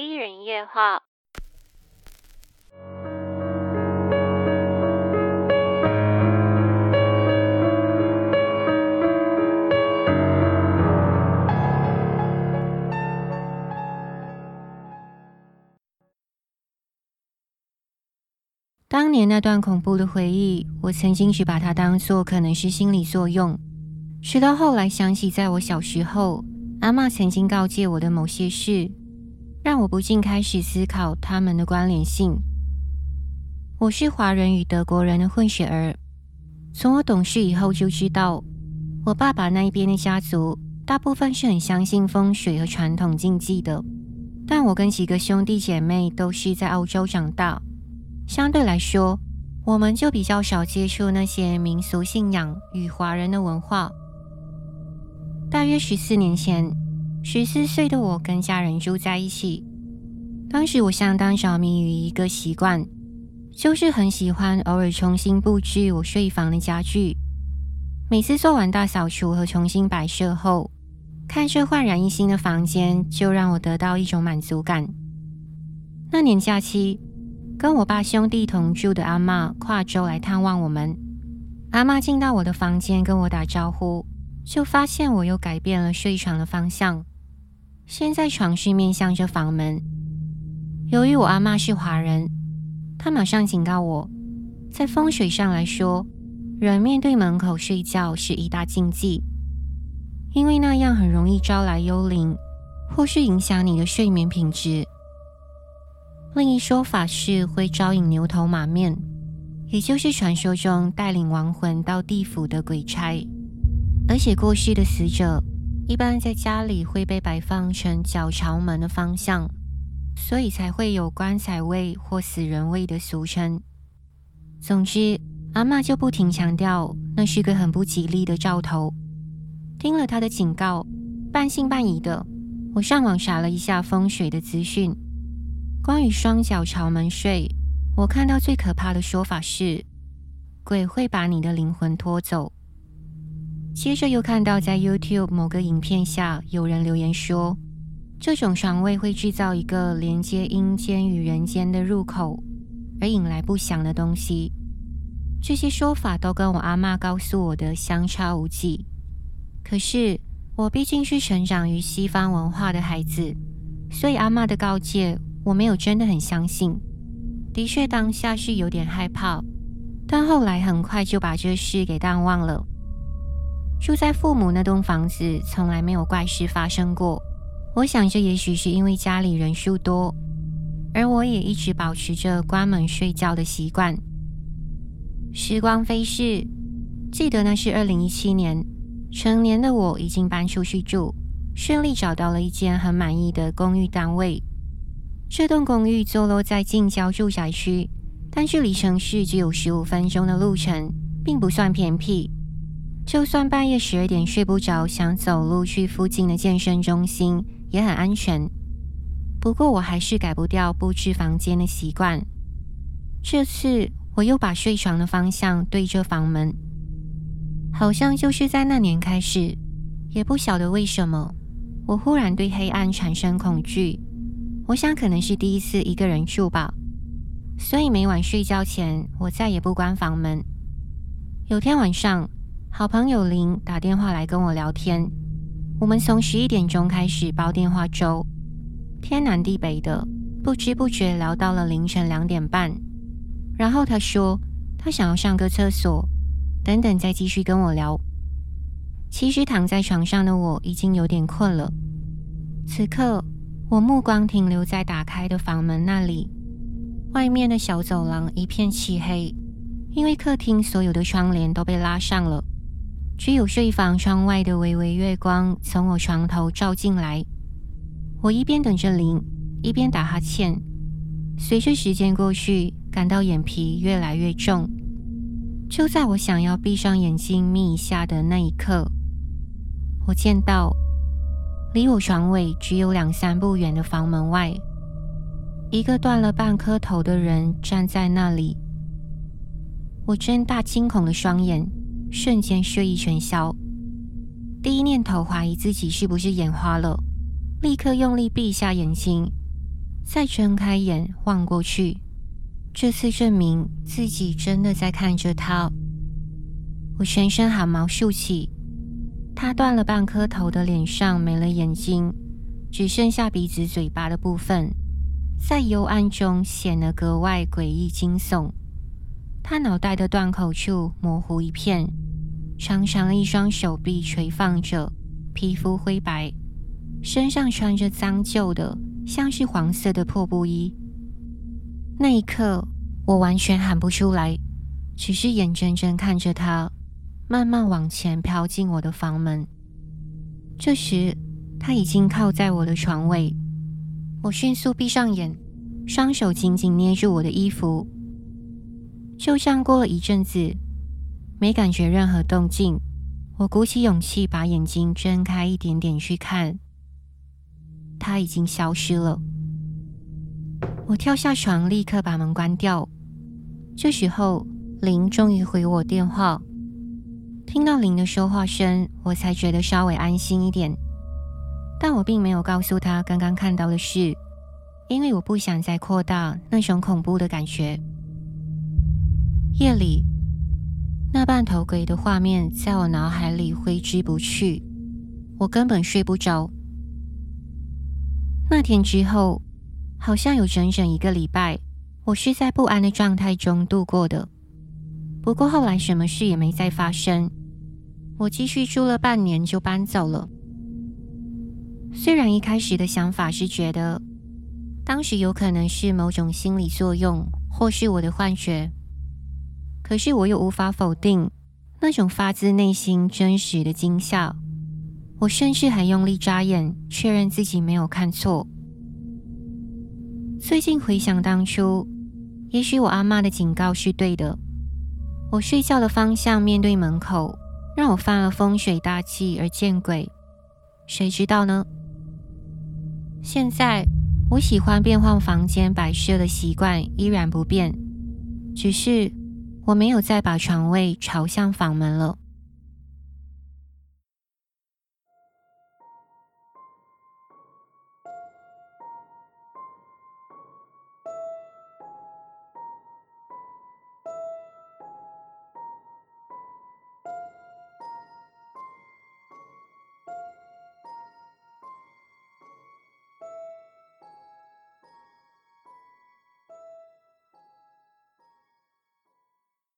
一人夜話。當年那段恐怖的回憶，我曾經只把它當作可能是心理作用。直到後來想起，在我小時候，阿嬤曾經告誡我的某些事。但我不禁開始思考他們的關聯性。我是華人與德國人的混血兒，從我懂事以後就知道，我爸爸那一邊的家族大部分是很相信風水和傳統禁忌的。但我跟幾個兄弟姐妹都是在澳洲長大，相對來說，我們就比較少接觸那些民俗信仰與華人的文化。大約十四年前，十四歲的我跟家人住在一起，當時我相當着迷於一個習慣，就是很喜歡偶爾重新布置我睡房的家具。每次做完大掃除和重新擺設後，看這煥然一新的房間，就讓我得到一種滿足感。那年假期，跟我爸兄弟同住的阿嬤跨州來探望我們。阿嬤進到我的房間，跟我打招呼。就發現我又改變了睡床的方向，現在床是面向着房門。由於我阿媽是華人，她馬上警告我，在風水上來說，人面對門口睡覺是一大禁忌，因為那樣很容易招來幽靈，或是影響你的睡眠品質。另一說法是會招引牛頭馬面，也就是傳說中帶領亡魂到地府的鬼差。而且過世的死者一般在家裡會被擺放成腳朝門的方向，所以才會有棺材位或死人位的俗稱。總之，阿嬤就不停強調，那是個很不吉利的兆頭。聽了她的警告，半信半疑的，我上網查了一下風水的資訊。關於雙腳朝門睡，我看到最可怕的說法是，鬼會把你的靈魂拖走。接着又看到在 YouTube 某個影片下有人留言說，這種床位會製造一個連接陰間與人間的入口，而引來不祥的東西。這些說法都跟我阿嬤告訴我的相差無幾。可是我畢竟是成長於西方文化的孩子，所以阿嬤的告誡我沒有真的很相信。的確當下是有點害怕，但後來很快就把這事給淡忘了。住在父母那棟房子，從來沒有怪事發生過。我想，這也許是因為家裡人數多，而我也一直保持着關門睡覺的習慣。時光飛逝，記得那是二零一七年，成年的我已經搬出去住，順利找到了一間很滿意的公寓單位。這棟公寓坐落在近郊住宅區，但距離城市，只有十五分鐘的路程，並不算偏僻。就算半夜十二點睡不着，想走路去附近的健身中心也很安全。不過我還是改不掉布置房間的習慣。這次我又把睡床的方向對着房門。好像就是在那年開始，也不曉得為什麼，我忽然對黑暗產生恐懼。我想可能是第一次一個人住吧，所以每晚睡覺前我再也不關房門。有天晚上。好朋友林打電話來跟我聊天，我們從十一點鐘開始煲電話粥，天南地北的，不知不覺聊到了凌晨兩點半。然後他說他想要上個廁所，等等再繼續跟我聊。其實躺在床上的我已經有點困了。此刻我目光停留在打開的房門那裡，外面的小走廊一片漆黑，因為客廳所有的窗簾都被拉上了。只有睡房窗外的微微月光從我床頭照進來。我一邊等着鈴，一邊打哈欠。隨着時間過去，感到眼皮越來越重。就在我想要閉上眼睛眯一下的那一刻，我見到離我床尾只有兩三步遠的房門外，一個斷了半顆頭的人站在那裡。我睜大驚恐的雙眼。瞬間睡意全消，第一念頭懷疑自己是不是眼花了，立刻用力閉一下眼睛，再睜開眼望過去，這次證明自己真的在看着他。我全身汗毛豎起，他斷了半顆頭的臉上沒了眼睛，只剩下鼻子、嘴巴的部分，在幽暗中顯得格外詭異驚悚。他腦袋的斷口處模糊一片，長長的一雙手臂垂放着，皮膚灰白，身上穿着髒舊的、像是黃色的破布衣。那一刻，我完全喊不出來，只是眼睜睜看着他慢慢往前飄進我的房門。這時，他已經靠在我的床尾，我迅速閉上眼，雙手緊緊捏住我的衣服。就像過了一陣子，沒感覺任何動靜，我鼓起勇氣把眼睛睜開一點點去看，它已經消失了。我跳下床，立刻把門關掉。這時候，林終於回我電話，聽到林的說話聲，我才覺得稍微安心一點。但我並沒有告訴他剛剛看到的事，因為我不想再擴大那種恐怖的感覺。夜裡，那半頭鬼的畫面在我腦海裡揮之不去，我根本睡不着。那天之後，好像有整整一個禮拜，我是在不安的狀態中度過的。不過後來什麼事也沒再發生，我繼續住了半年就搬走了。雖然一開始的想法是覺得，當時有可能是某種心理作用，或是我的幻覺。可是我又無法否定那種發自內心、真實的驚嚇。我甚至還用力眨眼，確認自己沒有看錯。最近回想當初，也許我阿嬤的警告是對的。我睡覺的方向面對門口，讓我犯了風水大忌而見鬼，誰知道呢？現在我喜歡變換房間擺設的習慣依然不變，只是，我沒有再把床位朝向房門了。